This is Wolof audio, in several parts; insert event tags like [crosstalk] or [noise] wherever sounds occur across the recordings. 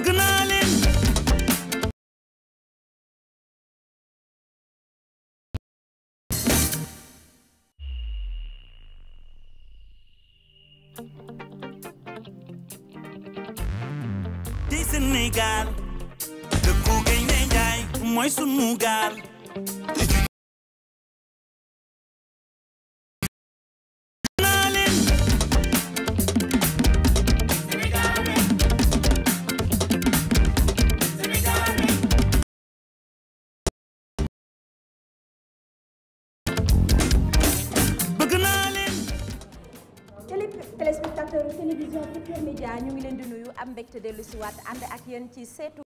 bëgg naa leen tey Sénégal dëkku Gaynde Njaay mooy sunu télévision ñu ngi leen di nuyu am mbégte dellu si ak yéen ci seetu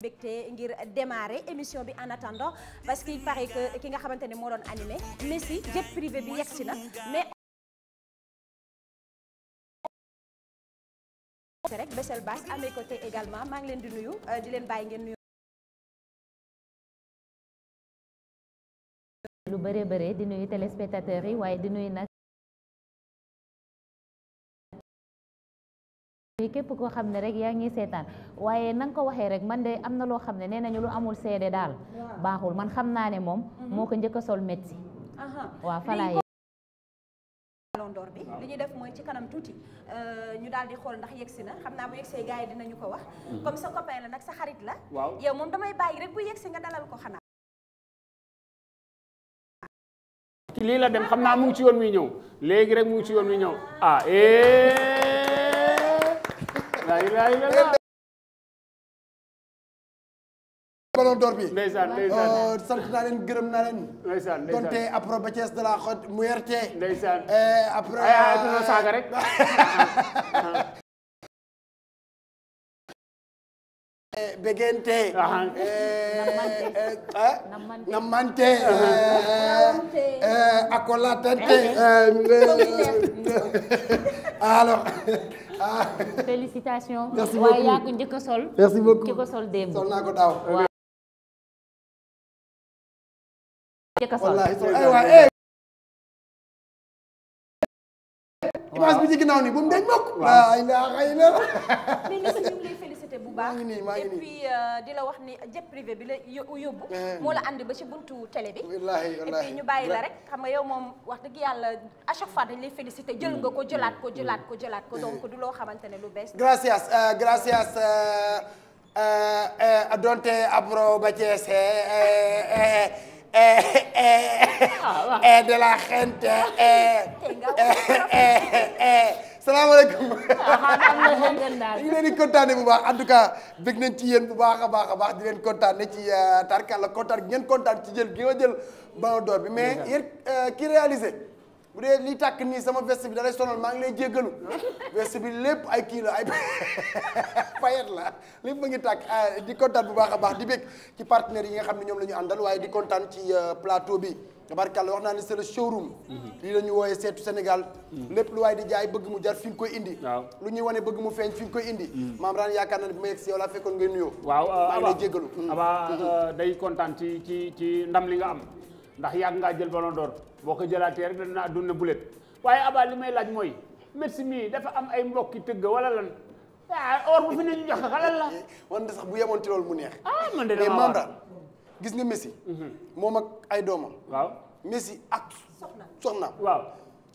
mbégte ngir démarrer émission bi en attendant parce qu'il paraît que ki nga xamante ne moo doon animé Messi jet privé bi yegsi na mais rek Bessel Bass amee côté également maa ngi leen di nuyu di leen bàyyi ngeen nuyu lu bëree bëree di nuyu téléspectateurs yi waaye di nuyu nag képp koo xam ne rek yaa ngi seetaan waaye na ko waxee rek man de am na loo xam ne nee nañu lu amul seede daal baaxul man xam naa ne moom mhm. moo ko njëkk a sol métti waaw falaa londoor bi li ñuy def mooy ci kanam tuuti euh, ñu daal di xool ndax yegsi na xam naa bu yegsee gars yi dinañu ko wax mhm. comme sa copain la nag sa xarit la yow moom damay bàyyi rek bu yegsi nga dalal ko xanaa ci lii la dem xam naa mu ngi ci yoon wi ñëw léegi rek mu ngi ci yoon wi ñëw ah eh. la ilaha illallah. ballon d'or bi. ndeysaan oh, ndeysaan sant naa leen gërëm naa après ba de la xot mu yerte. ndeysaan eh, après ay ay saaga rek. [laughs] Eh, begente eh, eh, namante accolatante [laughs] alors félicitations [laughs] merci beaucoup waaye yaa ko njëkk a merci beaucoup njëkk a sol démb sol naa ko daaw njëkk a sol wallaahi [laughs] félicité bu baax et euh, di la wax ni jet privé bi la yóbbu eh. moo la andi ba ci buntu télé bi et puis ñu bàyyi la rek xam nga yow moom wax dëgg yàlla à chaque fois dañ lay félicité jël nga ko jëlaat ko jëlaat ko jëlaat ko mm. donc du loo xamante ne lu bees gracias euh, gracias euh, donte abro ba Thiès ah, de la gente salaamaaleykum [laughs] ñu leen di kontaane bu baax en tout cas bëgg nañ ci yéen bu baax a baax a baax di leen kontaane ci euh, tarkalla kontaan ngeen kontaan ci jël gi nga jël ballon d'or bi mais yéen euh, ki réalisé bu dee li tàkk nii sama veste bi da lay maa ngi lay jéggalu veste bi lépp ay kii la ay [laughs] payet la lépp ma ngi tàkk ah, di kontaan bu baax a baax di bég ci partenaires yi nga xam ne ñoom lañu ñu àndal waaye di kontaan ci euh, plateau bi tabarkàlla wax naa ne c'est le showroom mhm. lii la ñu wooyee seetu Sénégal mhm. lépp lu waaye di jaay bëgg mu jar fi nga koy indi lu ñuy wane bëgg mu feeñ fi nga koy indi mhm. maam raan yaakaar na ne bu ma yegg si yow laa fekkoon ngay nuyoo waaw maa ngi lay euh, day kontaan ci ci ci ndam li nga am ndax yàgg ngaa jël ballon d'or boo ko jëlaatee rek dana àdduna bulet waaye abaa li may laaj mooy Metz mii dafa am ay mbokki tëgg walla lan ah or bu fi ne ñu jox xalal la. [laughs] wante sax bu yemoon ci loolu mu neex. ah man de damaa mais gis nga Messi. Mhm. moom ak ay doomam. waaw Messi ak soxna soxna waaw.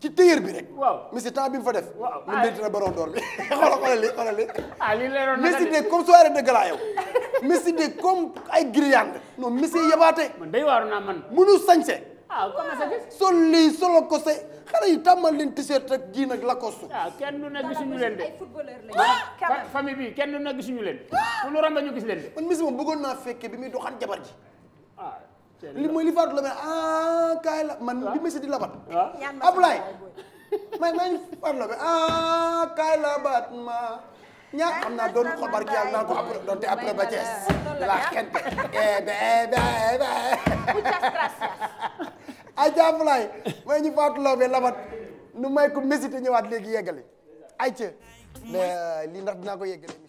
ci téyër bi rek. waaw Messi bi fa def. waaw mu mérite na baron d'or bi ah. [laughs] xoolal xoolal li xoolal li. ah [laughs] de comme ay grillade. non Messi yabaate. man day waaru naa man. munu sañse. ah comment ça fait. sol lii solo ko se xale yi tàmmal leen t-shirt ak ji nag Lacoste. ah kenn du na gisuñu leen de. Ah! famille bi kenn du na gisuñu leen. fu ah! ñu gis leen man Messi moom bëggoon naa fekkee bi muy doxaan jabar ji. li mooy li faatu la mel ah kaay labat. ma. Ah, ñaa xam naa doon xobar ki yàlla naa ko après doon ba Thiès. la xente eh, eh, eh may ñu faatu la mel labat nu may ko Messi te ñëwaat léegi yeggale. ayca mais lii ndax dinaa ko yeggale.